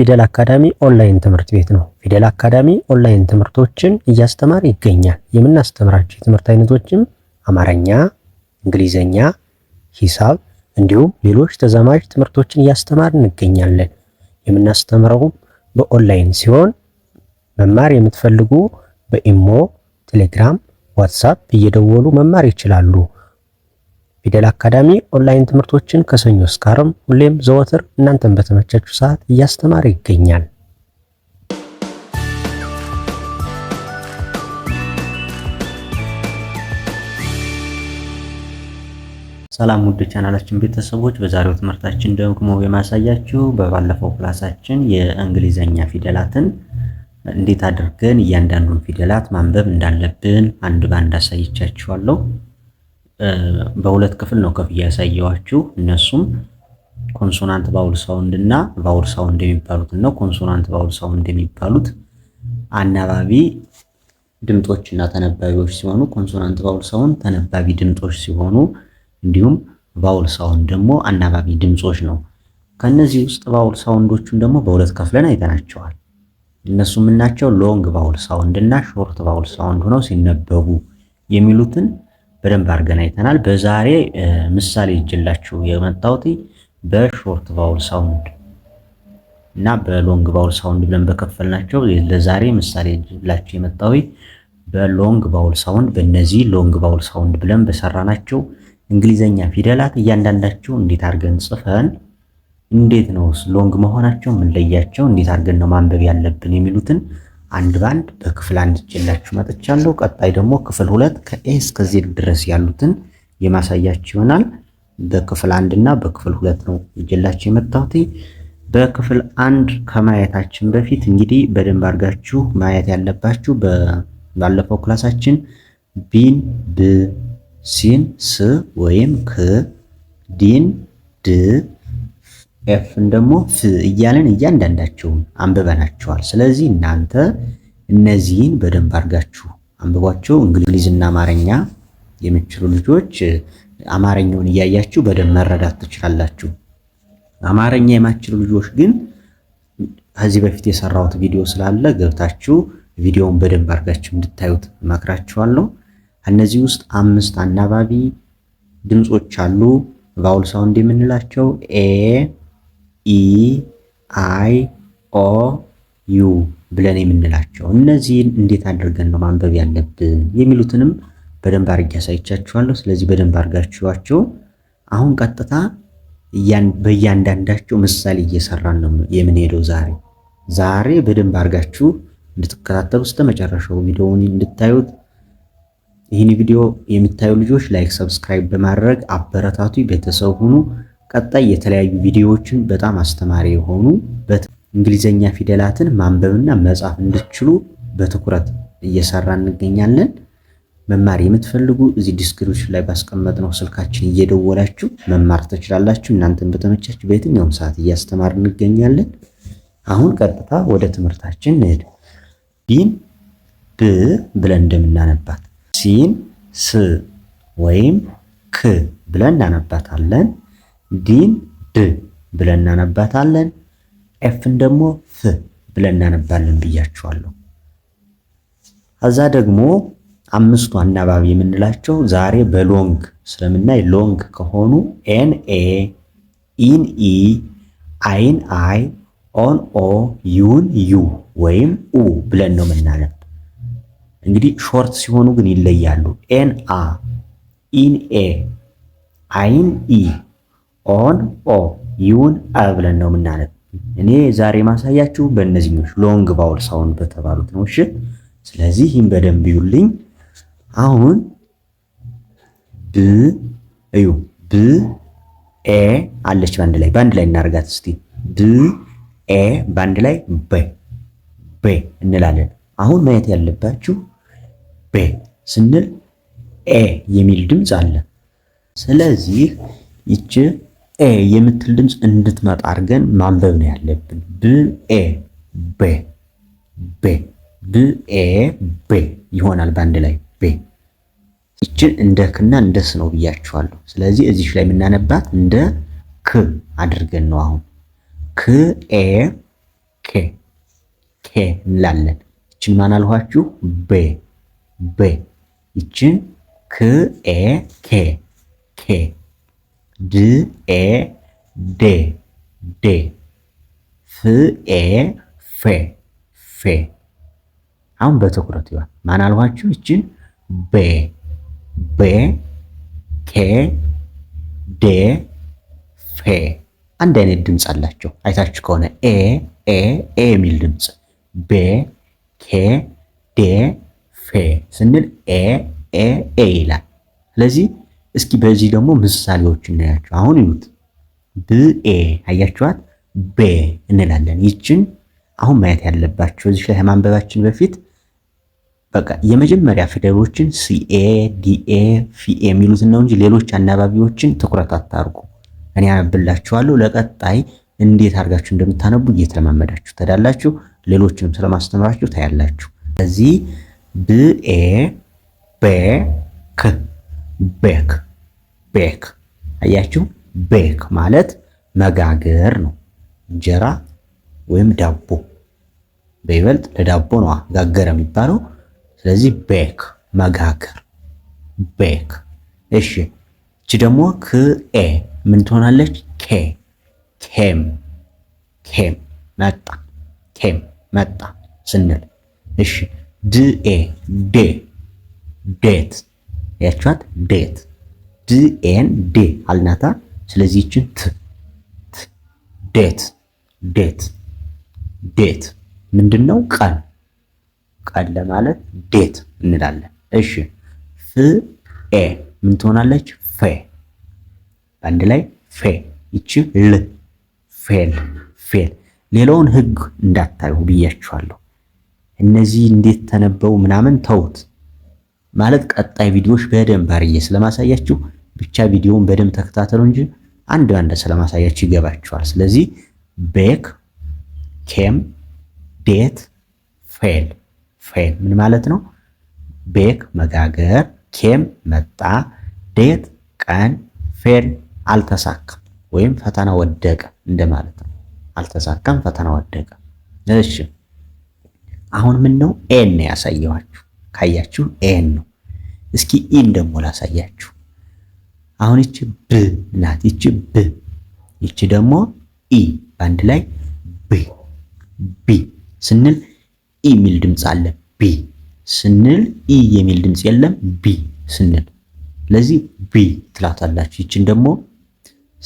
ፊደል አካዳሚ ኦንላይን ትምህርት ቤት ነው። ፊደል አካዳሚ ኦንላይን ትምህርቶችን እያስተማር ይገኛል። የምናስተምራቸው የትምህርት አይነቶችም አማርኛ፣ እንግሊዘኛ፣ ሂሳብ እንዲሁም ሌሎች ተዛማጅ ትምህርቶችን እያስተማር እንገኛለን። የምናስተምረውም በኦንላይን ሲሆን መማር የምትፈልጉ በኢሞ፣ ቴሌግራም፣ ዋትሳፕ እየደወሉ መማር ይችላሉ። ፊደል አካዳሚ ኦንላይን ትምህርቶችን ከሰኞ እስከ ዓርብ ሁሌም ዘወትር እናንተን በተመቻችሁ ሰዓት እያስተማረ ይገኛል። ሰላም ውድ ቻናላችን ቤተሰቦች፣ በዛሬው ትምህርታችን ደግሞ የማሳያችሁ በባለፈው ክላሳችን የእንግሊዘኛ ፊደላትን እንዴት አድርገን እያንዳንዱን ፊደላት ማንበብ እንዳለብን አንድ ባንድ አሳይቻችኋለሁ። በሁለት ክፍል ነው ከፍዬ ያሳየዋችሁ። እነሱም ኮንሶናንት ቫውል ሳውንድ እና ቫውል ሳውንድ የሚባሉት ነው። ኮንሶናንት ቫውል ሳውንድ የሚባሉት አናባቢ ድምጦች እና ተነባቢዎች ሲሆኑ፣ ኮንሶናንት ቫውል ሳውንድ ተነባቢ ድምጦች ሲሆኑ፣ እንዲሁም ቫውል ሳውንድ ደግሞ አናባቢ ድምጾች ነው። ከነዚህ ውስጥ ቫውል ሳውንዶቹን ደግሞ በሁለት ከፍለን አይተናቸዋል። እነሱ ምናቸው ሎንግ ቫውል ሳውንድ እና ሾርት ቫውል ሳውንድ ሆነው ሲነበቡ የሚሉትን በደንብ አድርገን አይተናል። በዛሬ ምሳሌ ይጅላችሁ የመጣሁት በሾርት ቫውል ሳውንድ እና በሎንግ ቫውል ሳውንድ ብለን በከፈልናቸው ለዛሬ ምሳሌ ይጅላችሁ የመጣሁት በሎንግ ቫውል ሳውንድ በእነዚህ ሎንግ ቫውል ሳውንድ ብለን በሰራናቸው እንግሊዘኛ ፊደላት እያንዳንዳቸው እንዴት አድርገን ጽፈን እንዴት ነው ሎንግ መሆናቸው የምንለያቸው እንዴት አድርገን ነው ማንበብ ያለብን የሚሉትን አንድ ባንድ በክፍል አንድ እጅላችሁ መጥቻለሁ። ቀጣይ ደግሞ ክፍል ሁለት ከኤ እስከ ዜድ ድረስ ያሉትን የማሳያችሁ ይሆናል። በክፍል አንድ እና በክፍል ሁለት ነው እጅላችሁ የመጣሁት። በክፍል አንድ ከማየታችን በፊት እንግዲህ በደንብ አድርጋችሁ ማየት ያለባችሁ ባለፈው ክላሳችን ቢን ብ ሲን ስ ወይም ክ ዲን ድ ኤፍን ደግሞ ፍ እያለን እያንዳንዳቸውን አንብበናቸዋል። ስለዚህ እናንተ እነዚህን በደንብ አድርጋችሁ አንብቧቸው። እንግሊዝና አማርኛ የሚችሉ ልጆች አማርኛውን እያያችሁ በደንብ መረዳት ትችላላችሁ። አማርኛ የማችሉ ልጆች ግን ከዚህ በፊት የሰራሁት ቪዲዮ ስላለ ገብታችሁ ቪዲዮውን በደንብ አድርጋችሁ እንድታዩት እመክራችኋለሁ። ከእነዚህ ውስጥ አምስት አናባቢ ድምጾች አሉ። ቫውል ሳውንድ የምንላቸው ኤ ኢ አይ ኦ ዩ ብለን የምንላቸው እነዚህን እንዴት አድርገን ነው ማንበብ ያለብን የሚሉትንም በደንብ አድርጌ አሳይቻችኋለሁ። ስለዚህ በደንብ አድርጋችኋቸው አሁን ቀጥታ በእያንዳንዳቸው ምሳሌ እየሰራን ነው የምንሄደው ዛሬ ዛሬ በደንብ አድርጋችሁ እንድትከታተሉ እስከ መጨረሻው ቪዲዮውን እንድታዩት ይህን ቪዲዮ የምታዩ ልጆች ላይክ፣ ሰብስክራይብ በማድረግ አበረታቱ ቤተሰብ ሁኑ። ቀጣይ የተለያዩ ቪዲዮዎችን በጣም አስተማሪ የሆኑ እንግሊዘኛ ፊደላትን ማንበብና መጻፍ እንድትችሉ በትኩረት እየሰራ እንገኛለን። መማር የምትፈልጉ እዚህ ዲስክሪፕሽን ላይ ባስቀመጥነው ስልካችን እየደወላችሁ መማር ትችላላችሁ። እናንተን በተመቻችሁ በየትኛውም ሰዓት እያስተማር እንገኛለን። አሁን ቀጥታ ወደ ትምህርታችን እንሄድ። ቢን ብ ብለን እንደምናነባት ሲን ስ ወይም ክ ብለን እናነባታለን። ዲን ድ ብለን እናነባታለን። ኤፍን ደግሞ ፍ ብለን እናነባለን ብያቸዋለሁ። ከዛ ደግሞ አምስቱ አናባቢ የምንላቸው ዛሬ በሎንግ ስለምናይ ሎንግ ከሆኑ ኤን ኤ፣ ኢን ኢ፣ አይን አይ፣ ኦን ኦ፣ ዩን ዩ ወይም ኡ ብለን ነው የምናነብ። እንግዲህ ሾርት ሲሆኑ ግን ይለያሉ። ኤን አ፣ ኢን ኤ፣ አይን ኢ ኦን ኦ ዩን አ ብለን ነው የምናነብ። እኔ ዛሬ ማሳያችሁ በእነዚህኞች ሎንግ ቫውል ሳውንድ በተባሉት ነው። እሺ፣ ስለዚህ ይህን በደንብ ይዩልኝ። አሁን ብ እዩ ብ ኤ አለች ባንድ ላይ ባንድ ላይ እናደርጋት እስቲ ብ ኤ ባንድ ላይ በ በ እንላለን። አሁን ማየት ያለባችሁ በ ስንል ኤ የሚል ድምፅ አለ። ስለዚህ ይች ኤ የምትል ድምፅ እንድትመጣ አድርገን ማንበብ ነው ያለብን። ብኤ ቤ ቤ ብኤ ቤ ይሆናል በአንድ ላይ ቤ። ይችን እንደ ክና እንደ ስ ነው ብያችኋለሁ። ስለዚህ እዚች ላይ የምናነባት እንደ ክ አድርገን ነው። አሁን ክ ኤ ኬ ኬ እንላለን። ይችን ማን አልኋችሁ? ቤ ቤ። ይችን ክ ኤ ኬ ኬ ድኤ ዴ ዴ ፍኤ ፌ ፌ። አሁን በትኩረት ይዋል። ማን አልኋችሁ? ይችን ቤ ቤ ኬ ዴ ፌ አንድ አይነት ድምፅ አላቸው። አይታችሁ ከሆነ ኤ ኤ ኤ የሚል ድምፅ ቤ ኬ ዴ ፌ ስንል ኤ ኤ ኤ ይላል። ስለዚህ እስኪ በዚህ ደግሞ ምሳሌዎችን እናያቸው። አሁን ይሉት ብኤ አያችኋት፣ ቤ እንላለን። ይችን አሁን ማየት ያለባቸው እዚህ ላይ ከማንበባችን በፊት በቃ የመጀመሪያ ፊደሎችን ሲኤ፣ ዲኤ፣ ፊኤ የሚሉትን ነው እንጂ ሌሎች አናባቢዎችን ትኩረት አታርጉ። እኔ አነብላችኋለሁ። ለቀጣይ እንዴት አድርጋችሁ እንደምታነቡ እየተለማመዳችሁ ተዳላችሁ፣ ሌሎችንም ስለማስተምራችሁ ታያላችሁ። ስለዚህ ብኤ ቤክ ቤክ ቤክ አያችሁ፣ ቤክ ማለት መጋገር ነው። እንጀራ ወይም ዳቦ በይበልጥ ለዳቦ ነው ጋገር የሚባለው። ስለዚህ ቤክ መጋገር፣ ቤክ። እሺ፣ እቺ ደግሞ ክኤ ምን ትሆናለች? ኬ ኬም፣ ኬም መጣ፣ ኬም መጣ ስንል እሺ። ድኤ ዴ ዴት ያችኋት ዴት ኤን ዴ አልናታ። ስለዚህ ይችን ት ዴት ዴት ዴት ምንድን ነው? ቀን ቀን ለማለት ዴት እንላለን። እሺ ፍ ኤ ምን ትሆናለች? ፌ በአንድ ላይ ፌ። ይቺ ል ፌል ፌል። ሌላውን ህግ እንዳታዩ ብያችኋለሁ። እነዚህ እንዴት ተነበው ምናምን ተውት። ማለት ቀጣይ ቪዲዮዎች በደንብ አርዬ ስለማሳያችሁ ብቻ ቪዲዮውን በደንብ ተከታተሉ እንጂ አንድ አንድ ስለማሳያችሁ ይገባችኋል። ስለዚህ ቤክ ኬም ዴት ፌል ፌል ምን ማለት ነው? ቤክ መጋገር፣ ኬም መጣ፣ ዴት ቀን፣ ፌል አልተሳካም ወይም ፈተና ወደቀ እንደማለት ነው። አልተሳካም፣ ፈተና ወደቀ። እሺ አሁን ምን ነው ኤን ያሳየዋችሁ ካያችሁ ኤን ነው። እስኪ ኢን ደግሞ ላሳያችሁ አሁን ይቺ ብ ናት። ይቺ ብ ይቺ ደግሞ ኢ በአንድ ላይ ቢ ቢ ስንል ኢ የሚል ድምፅ አለ። ቢ ስንል ኢ የሚል ድምፅ የለም። ቢ ስንል ስለዚህ ቢ ትላታላችሁ። ይችን ደግሞ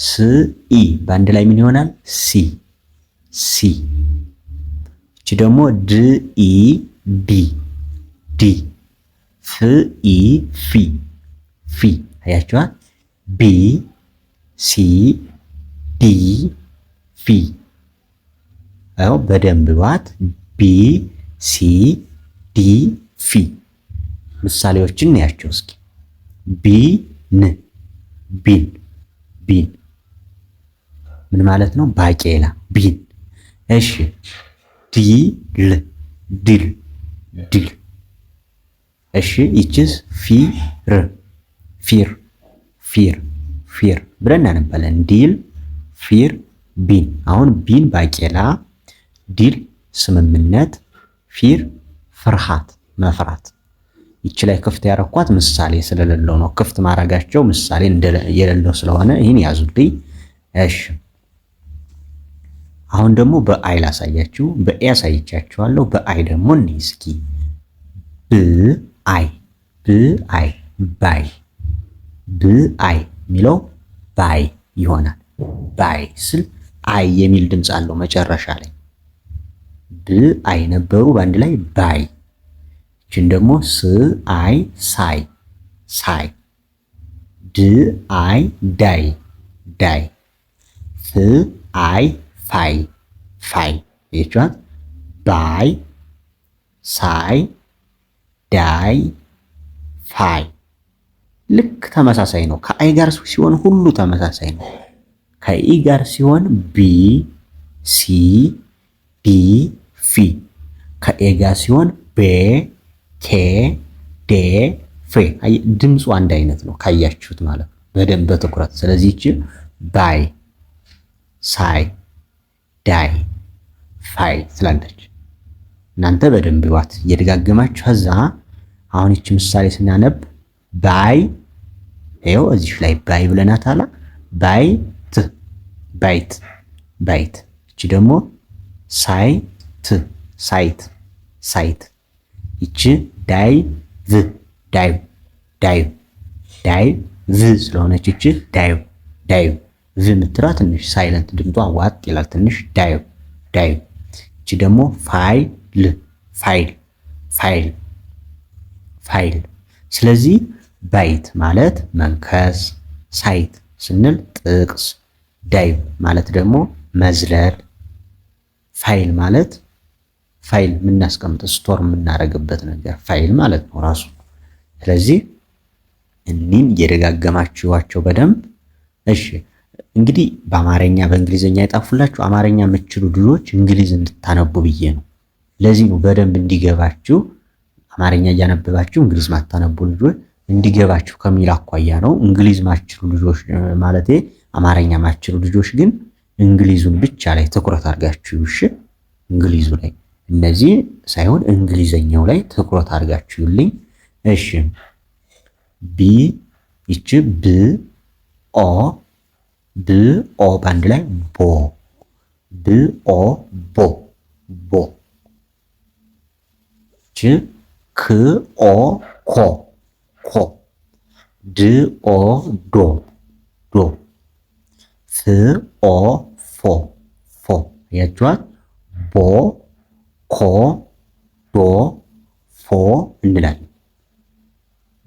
ስ ኢ በአንድ ላይ ምን ይሆናል? ሲ ሲ ይቺ ደግሞ ድ ኢ ዲ ዲ ፍ ኢ ፊ ፊ አያችኋል። ቢ ሲ ዲ ቪ ያው በደንብ ባት ቢ ሲ ዲ ቪ ምሳሌዎችን እንያቸው እስኪ ቢን ቢን ቢን ምን ማለት ነው? ባቄላ ቢን። እሺ ል ድል ድል። እሺ ይችስ ፊር ፊር ፊር ፊር ብለን እናነባለን። ዲል ፊር ቢን። አሁን ቢን ባቄላ፣ ዲል ስምምነት፣ ፊር ፍርሃት መፍራት። ይቺ ላይ ክፍት ያረኳት ምሳሌ ስለሌለው ነው። ክፍት ማድረጋቸው ምሳሌ የሌለው ስለሆነ ይህን ያዙልኝ። እሺ አሁን ደግሞ በአይ ላሳያችሁ። በኤ አሳይቻችኋለሁ። በአይ ደግሞ እንይ እስኪ። ብአይ ብአይ ባይ አይ የሚለው ባይ ይሆናል። ባይ ስል አይ የሚል ድምፅ አለው መጨረሻ ላይ ብአይ ነበሩ በአንድ ላይ ባይ። ይችን ደግሞ ስአይ ሳይ ሳይ ድአይ ዳይ ዳይ ፍአይ ፋይ ፋይ ይችዋት ባይ ሳይ ዳይ ፋይ ልክ ተመሳሳይ ነው። ከአይ ጋር ሲሆን ሁሉ ተመሳሳይ ነው። ከኢ ጋር ሲሆን ቢ፣ ሲ፣ ዲ፣ ፊ። ከኤ ጋር ሲሆን ቤ፣ ኬ፣ ዴ፣ ፌ። ድምፁ አንድ አይነት ነው ካያችሁት ማለት ነው በደንብ በትኩረት። ስለዚህ ይቺ ባይ፣ ሳይ፣ ዳይ፣ ፋይ ትላለች። እናንተ በደንብ ይዋት እየደጋገማችሁ ከዛ አሁን ይቺ ምሳሌ ስናነብ ባይ ይኸው እዚሁ ላይ ባይ ብለናት አላ ባይት ባይት ባይት። እቺ ደግሞ ሳይት ሳይት ሳይት። እቺ ዳይቭ ዳይቭ ዳይቭ ዳይቭ ስለሆነች እቺ ዳይቭ ዳይቭ ቭ የምትለዋ ትንሽ ሳይለንት ድምጧ ዋጥ ይላል። ትንሽ ዳይቭ ዳይቭ። እቺ ደግሞ ፋይል ፋይል ፋይል ፋይል። ስለዚህ ባይት ማለት መንከስ፣ ሳይት ስንል ጥቅስ፣ ዳይቭ ማለት ደግሞ መዝለል፣ ፋይል ማለት ፋይል የምናስቀምጥ ስቶር የምናደርግበት ነገር ፋይል ማለት ነው ራሱ። ስለዚህ እኒን እየደጋገማችኋቸው በደንብ እሺ። እንግዲህ በአማርኛ በእንግሊዝኛ የጣፉላችሁ አማርኛ የምችሉ ልጆች እንግሊዝ እንድታነቡ ብዬ ነው። ለዚህ ነው በደንብ እንዲገባችሁ አማርኛ እያነበባችሁ እንግሊዝ ማታነቡ ልጆች እንዲገባችሁ ከሚል አኳያ ነው። እንግሊዝ ማችሉ ልጆች ማለት አማርኛ ማችሉ ልጆች ግን እንግሊዙን ብቻ ላይ ትኩረት አድርጋችሁ እሺ፣ እንግሊዙ ላይ እነዚህ ሳይሆን እንግሊዘኛው ላይ ትኩረት አድርጋችሁልኝ። እሺ ቢ ይቺ ብ ኦ ብ ኦ በአንድ ላይ ቦ ብ ኦ ቦ ቦ ች ክ ኦ ኮ ኮ ድኦ ዶ ዶ ፍኦ ፎ ፎ ያችኋል ቦ ኮ ዶ ፎ እንላለን።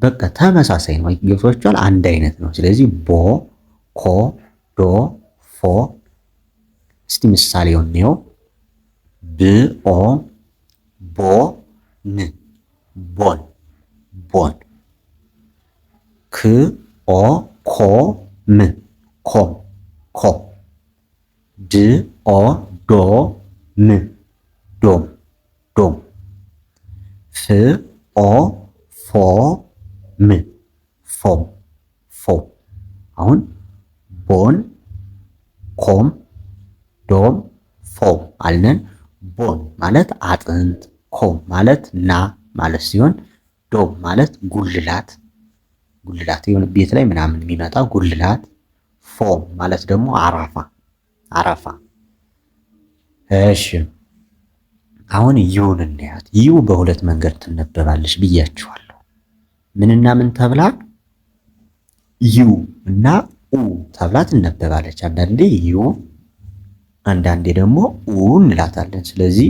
በቃ ተመሳሳይ ነው። ገብቷችኋል? አንድ አይነት ነው። ስለዚህ ቦ ኮ ዶ ፎ። እስቲ ምሳሌውን እንየው። ብኦ ቦ ን ቦን ቦን ክ ኦ ኮ ም ኮም ኮም ድ ኦ ዶ ም ዶም ዶም ፍ ኦ ፎ ም ፎም ፎም አሁን ቦን ኮም ዶም ፎም አለን። ቦን ማለት አጥንት፣ ኮም ማለት ና ማለት ሲሆን ዶም ማለት ጉልላት ጉልላት የሆነ ቤት ላይ ምናምን የሚመጣ ጉልላት ፎም ማለት ደግሞ አራፋ አራፋ። እሺ አሁን ይሁን እናያት። ይሁ በሁለት መንገድ ትነበባለች ብያችኋለሁ። ምንና ምን ተብላ ዩ እና ኡ ተብላ ትነበባለች። አንዳንዴ ዩ አንዳንዴ ደግሞ ኡ እንላታለን። ስለዚህ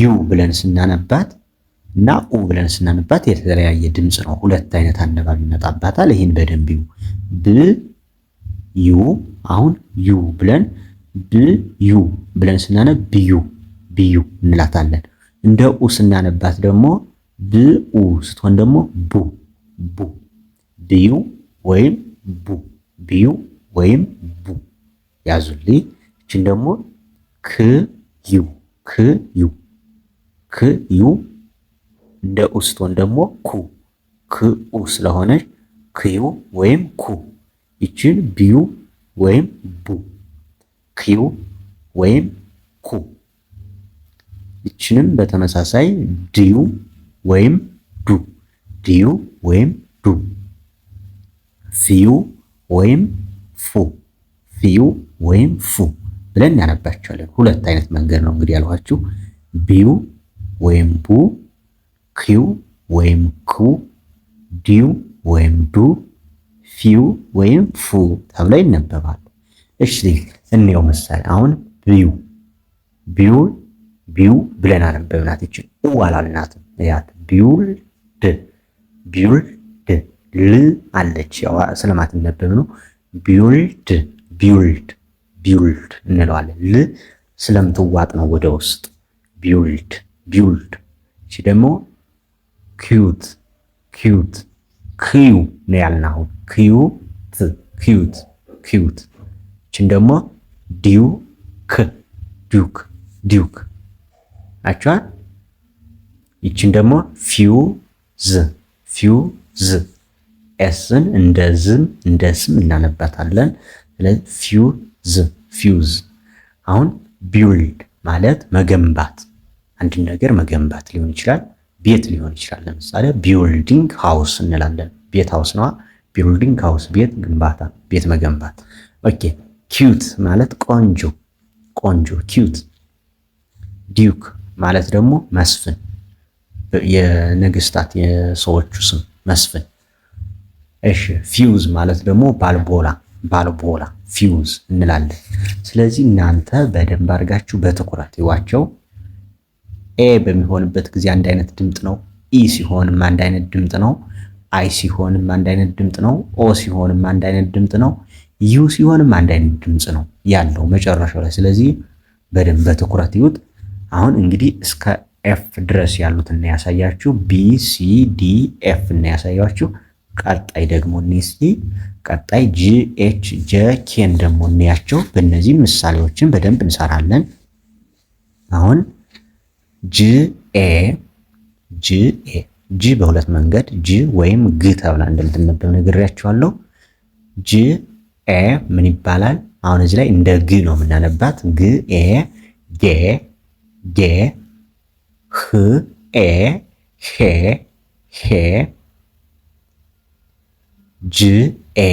ዩ ብለን ስናነባት እና ኡ ብለን ስናነባት የተለያየ ድምፅ ነው። ሁለት አይነት አነባብ ይመጣባታል። ይህን በደንብ ዩ ብ ዩ። አሁን ዩ ብለን ብ ዩ ብለን ስናነብ ብዩ ብዩ እንላታለን። እንደ ኡ ስናነባት ደግሞ ብ ኡ ስትሆን ደግሞ ቡ ቡ ብዩ ወይም ቡ ብዩ ወይም ቡ ያዙልኝ። እችን ደግሞ ክ ዩ ዩ ክ ክዩ እንደ ኡ ስትሆን ደግሞ ኩ ክኡ ስለሆነች ክዩ ወይም ኩ ይችን ቢዩ ወይም ቡ ክዩ ወይም ኩ ይችንም በተመሳሳይ ድዩ ወይም ዱ ድዩ ወይም ዱ ፊዩ ወይም ፉ ፊዩ ወይም ፉ ብለን እናነባቸዋለን። ሁለት አይነት መንገድ ነው እንግዲህ ያልኋችሁ ቢዩ ወይም ቡ ኪው ወይም ኩ፣ ዲው ወይም ዱ፣ ፊው ወይም ፉ ተብለው ይነበባሉ። እሺ እንየው ምሳሌ። አሁን ቢው ቢው ቢው ብለን አነበብናት። ይችን ኡ አላልናትም። ያት ቢውልድ ቢውልድ ል አለች። ያው ስለማትነበብ ነው። ቢውልድ ቢውልድ ቢውልድ እንለዋለን። ል ስለምትዋጥ ነው ወደ ውስጥ ቢውልድ ቢውልድ። እቺ ደግሞ ኪዩት ኪዩት ክዩ ነው ያልናው። ኪዩት ኪዩት ኪዩት። እችን ደግሞ ክ ዲዩክ ዲዩክ አቸዋል። ይችን ደግሞ ፊውዝ ፊውዝ ኤስን እንደ ዝም እንደ ስም እናነባታለን። ስለዚህ ፊውዝ ፊውዝ። አሁን ቢውልድ ማለት መገንባት፣ አንድን ነገር መገንባት ሊሆን ይችላል። ቤት ሊሆን ይችላል። ለምሳሌ ቢውልዲንግ ሃውስ እንላለን። ቤት ሃውስ ነዋ። ቢውልዲንግ ሃውስ ቤት ግንባታ፣ ቤት መገንባት። ኦኬ። ኪዩት ማለት ቆንጆ ቆንጆ ኪዩት። ዲዩክ ማለት ደግሞ መስፍን፣ የነገስታት የሰዎቹ ስም መስፍን። እሺ። ፊውዝ ማለት ደግሞ ባልቦላ ባልቦላ ፊውዝ እንላለን። ስለዚህ እናንተ በደንብ አድርጋችሁ በትኩረት ይዋቸው። ኤ በሚሆንበት ጊዜ አንድ አይነት ድምፅ ነው። ኢ ሲሆንም አንድ አይነት ድምፅ ነው። አይ ሲሆንም አንድ አይነት ድምፅ ነው። ኦ ሲሆንም አንድ አይነት ድምፅ ነው። ዩ ሲሆንም አንድ አይነት ድምፅ ነው ያለው መጨረሻው ላይ። ስለዚህ በደንብ በትኩረት ይዩት። አሁን እንግዲህ እስከ ኤፍ ድረስ ያሉት እና ያሳያችሁ ቢ፣ ሲ፣ ዲ፣ ኤፍ እና ያሳያችሁ። ቀጣይ ደግሞ ኒሲ ቀጣይ ጂ፣ ኤች፣ ጄ፣ ኬን ደግሞ እንያቸው። በእነዚህ ምሳሌዎችን በደንብ እንሰራለን አሁን ጅኤ ጅኤ ጂ በሁለት መንገድ ጂ ወይም ግ ተብላ እንደምትነበብ ነግሬያችኋለሁ። ጂ ኤ ምን ይባላል? አሁን እዚህ ላይ እንደ ግ ነው የምናነባት። ግ ኤ ጌ ጌ ህ ኤ ሄ ሄ ኤ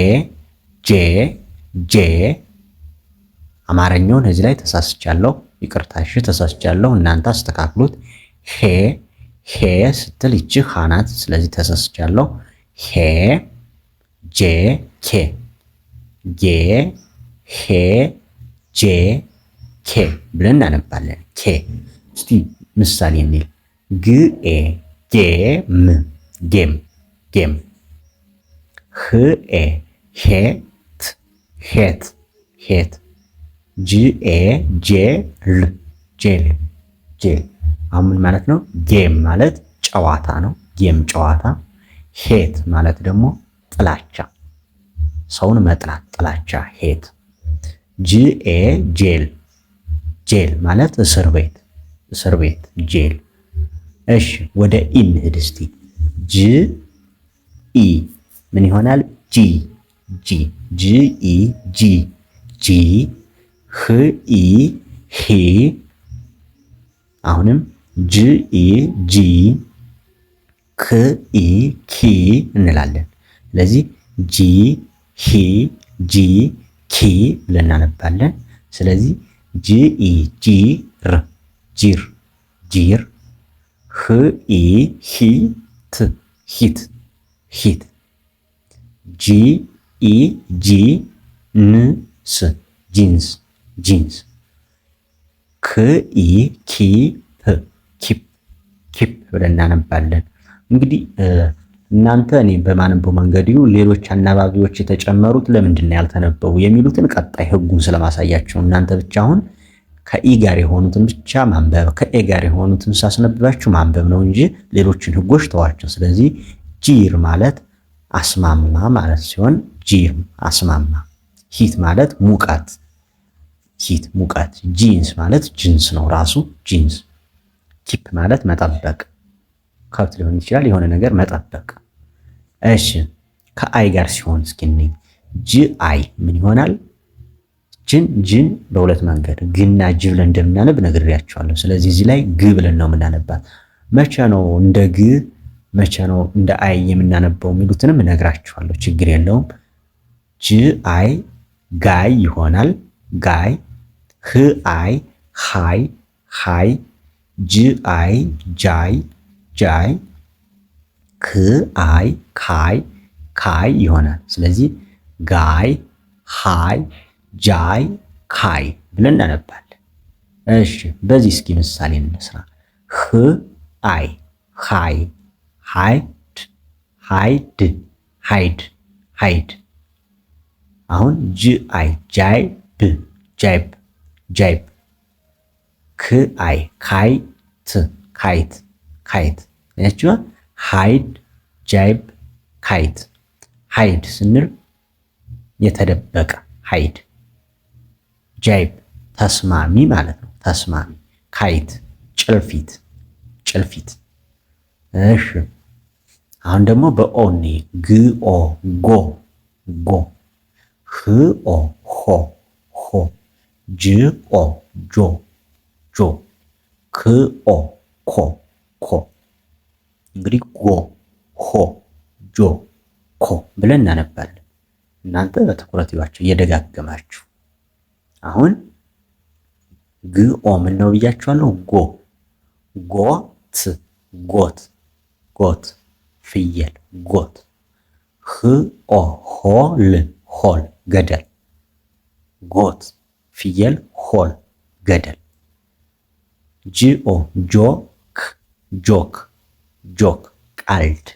ጄ ጄ። አማርኛውን እዚህ ላይ ተሳስቻለሁ። ይቅርታ፣ እሺ ተሳስቻለሁ፣ እናንተ አስተካክሉት። ሄ ሄ ስትል ይቺ ሃ ናት። ስለዚህ ተሳስቻለሁ። ሄ ጄ ኬ ጌ ሄ ጄ ኬ ብለን እናነባለን። ኬ እስቲ ምሳሌ እንል። ግኤ ጌም ጌም ጌም ህኤ ሄት ሄት ሄት ጂኤ ጄል ጄል ጄል አሁን ምን ማለት ነው? ጌም ማለት ጨዋታ ነው። ጌም ጨዋታ። ሄት ማለት ደግሞ ጥላቻ፣ ሰውን መጥላት ጥላቻ፣ ሄት። ጂኤ ጄል ጄል ማለት እስር ቤት እስር ቤት ጄል። እሺ ወደ ኢ እንሂድ እስቲ። ጂ ኢ ምን ይሆናል? ጂ ጂ ጂ ኢ ጂ ጂ ህኢ ሄ አሁንም ጅ ኢ ጂ ክኢ ኪ እንላለን። ስለዚህ ጂ ሂ ጂ ኪ ብለን እናነባለን። ስለዚህ ጂኢ ጂር ጂር ጂር ህኢ ሂት ሂት ሂት ጂኢ ጂ ንስ ጂንስ ጂንስ ክኢ ኪፕ ኪፕ ኪፕ ብለን እናነባለን። እንግዲህ እናንተ እኔ በማንበው መንገድ ሌሎች አናባቢዎች የተጨመሩት ለምንድን ነው ያልተነበቡ የሚሉትን ቀጣይ ህጉን ስለማሳያቸው እናንተ ብቻ አሁን ከኢ ጋር የሆኑትን ብቻ ማንበብ ከኤ ጋር የሆኑትን ሳስነብባችሁ ማንበብ ነው እንጂ ሌሎችን ህጎች ተዋቸው። ስለዚህ ጂር ማለት አስማማ ማለት ሲሆን ጂር አስማማ ሂት ማለት ሙቀት ሂት ሙቀት፣ ጂንስ ማለት ጂንስ ነው ራሱ ጂንስ። ኪፕ ማለት መጠበቅ፣ ከብት ሊሆን ይችላል የሆነ ነገር መጠበቅ። እሺ ከአይ ጋር ሲሆን እስኪኒ ጂ አይ ምን ይሆናል? ጅን ጅን በሁለት መንገድ ግና ጅ ብለን እንደምናነብ ነግሬያቸዋለሁ። ስለዚህ እዚህ ላይ ግ ብለን ነው የምናነባት። መቼ ነው እንደ ግ መቼ ነው እንደ አይ የምናነበው የሚሉትንም ነግራችኋለሁ። ችግር የለውም። ጅ አይ ጋይ ይሆናል። ጋይ ህአይ ሃይ ሃይ ጅአይ ጃይ ጃይ ክአይ ካይ ካይ ይሆናል። ስለዚህ ጋይ ሃይ ጃይ ካይ ብለን እናነባለን። እሺ በዚህ እስኪ ምሳሌ እንስራ። ህአይ ሃይ ሃይድ ሃይድ ሃይድ ሃይድ አሁን ጅአይ ጃይ ብ ጃይብ ጃይብ ክአይ ካይ ት ካይት ካይት ያችዋ ሃይድ ጃይብ ካይት ሃይድ ስንል የተደበቀ ሃይድ ጃይብ ተስማሚ ማለት ነው። ተስማሚ ካይት ጭልፊት ጭልፊት። እሺ አሁን ደግሞ በኦኒ ግኦ ጎ ጎ ህኦ ሆ ኮ ጅቆ ጆ ጆ ክኦ ኮ ኮ እንግዲህ ጎ ሆ ጆ ኮ ብለን እናነባለን። እናንተ በትኩረት ይዋቸው እየደጋገማችሁ። አሁን ግኦ ምን ነው ብያችኋለሁ። ጎ ጎት ጎት ጎት ፍየል ጎት ህኦ ሆል ሆል ገደል ጎት፣ ፍየል፣ ሆል፣ ገደል። ጂኦ ጆክ፣ ጆክ፣ ጆክ፣ ቀልድ፣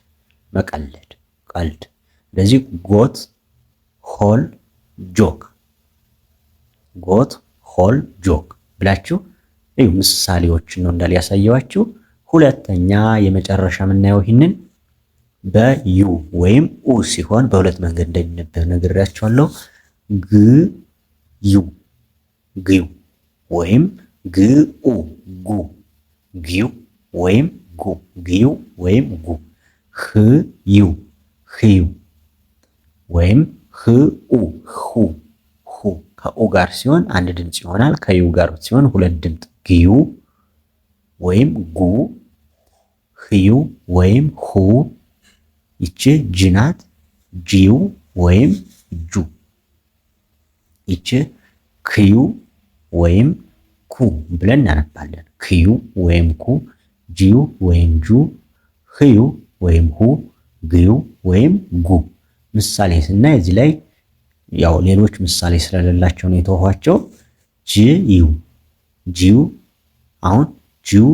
መቀለድ፣ ቀልድ። ስለዚህ ጎት፣ ሆል፣ ጆክ፣ ጎት፣ ሆል፣ ጆክ ብላችሁ እዩ። ምሳሌዎችን ነው እንዳል ያሳየዋችሁ። ሁለተኛ የመጨረሻ የምናየው ይህንን በዩ ወይም ኡ ሲሆን በሁለት መንገድ እንደሚነበብ ነግሬያችኋለሁ። ግ ዩ ግዩ ወይም ግኡ ጉ ግዩ ወይም ጉ ግዩ ወይም ጉ ህዩ ህዩ ወይም ህኡ ሁ ሁ ከኡ ጋር ሲሆን አንድ ድምፅ ይሆናል። ከዩ ጋር ሲሆን ሁለት ድምፅ ግዩ ወይም ጉ ህዩ ወይም ሁ ይቺ ጅናት ጂዩ ወይም ጁ ይቺ ክዩ ወይም ኩ ብለን እናነባለን። ክዩ ወይም ኩ፣ ጂዩ ወይም ጁ፣ ህዩ ወይም ሁ፣ ግዩ ወይም ጉ። ምሳሌ ስናይ እዚህ ላይ ያው ሌሎች ምሳሌ ስለሌላቸው ነው የተውኋቸው። ጂዩ ጂዩ አሁን ጂዩ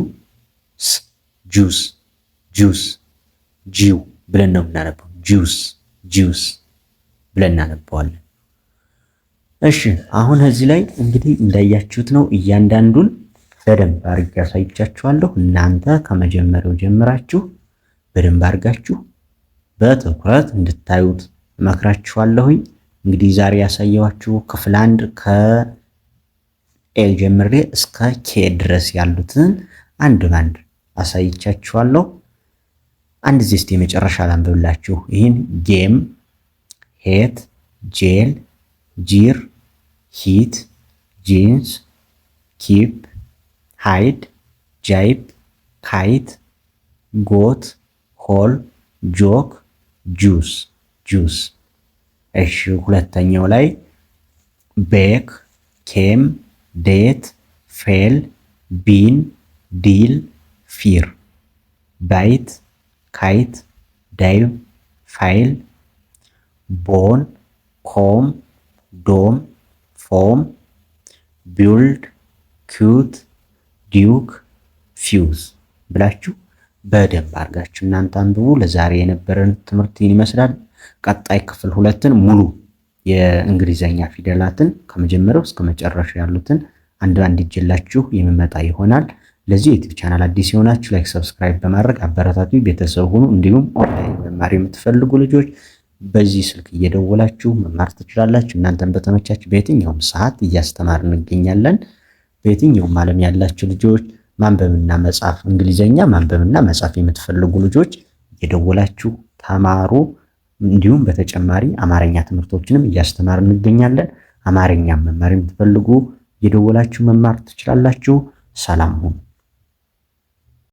ስ ጁስ ጁስ ጂዩ ብለን ነው የምናነበው። ጁስ ጁስ ብለን እናነበዋለን። እሺ አሁን እዚህ ላይ እንግዲህ እንዳያችሁት ነው። እያንዳንዱን በደንብ አድርጌ አሳይቻችኋለሁ። እናንተ ከመጀመሪያው ጀምራችሁ በደንብ አርጋችሁ በትኩረት እንድታዩት እመክራችኋለሁኝ። እንግዲህ ዛሬ ያሳየኋችሁ ክፍል አንድ ከኤ ጀምሬ እስከ ኬ ድረስ ያሉትን አንድ ባንድ አሳይቻችኋለሁ። አንድ ዚህ መጨረሻ የመጨረሻ ላንብብላችሁ። ይህን ጌም፣ ሄት፣ ጄል ጂር፣ ሂት፣ ጂንስ፣ ኪፕ፣ ሃይድ፣ ጃይፕ፣ ካይት፣ ጎት፣ ሆል፣ ጆክ፣ ጁስ ጁስ። እሺ ሁለተኛው ላይ ቤክ፣ ኬም፣ ዴት፣ ፌል፣ ቢን፣ ዲል፣ ፊር፣ ባይት፣ ካይት፣ ዳይቭ፣ ፋይል፣ ቦን፣ ኮም ዶም፣ ፎም፣ ቢውልድ፣ ኪዩት፣ ዲዩክ፣ ፊውዝ ብላችሁ በደንብ አድርጋችሁ እናንተ አንብቡ። ለዛሬ የነበረን ትምህርት ይመስላል። ቀጣይ ክፍል ሁለትን ሙሉ የእንግሊዘኛ ፊደላትን ከመጀመሪያው እስከ መጨረሻ ያሉትን አንድ አንድ ይዤላችሁ የምመጣ ይሆናል። ለዚህ ዩቲዩብ ቻናል አዲስ የሆናችሁ ላይክ፣ ሰብስክራይብ በማድረግ አበረታቱ ቤተሰብ ሁኑ። እንዲሁም ኦንላይን መማር የምትፈልጉ ልጆች በዚህ ስልክ እየደወላችሁ መማር ትችላላችሁ። እናንተም በተመቻችሁ በየትኛውም ሰዓት እያስተማር እንገኛለን። በየትኛውም ዓለም ያላችሁ ልጆች ማንበብና መጻፍ እንግሊዘኛ ማንበብና መጻፍ የምትፈልጉ ልጆች እየደወላችሁ ተማሩ። እንዲሁም በተጨማሪ አማርኛ ትምህርቶችንም እያስተማር እንገኛለን። አማርኛ መማር የምትፈልጉ እየደወላችሁ መማር ትችላላችሁ። ሰላም ሁኑ።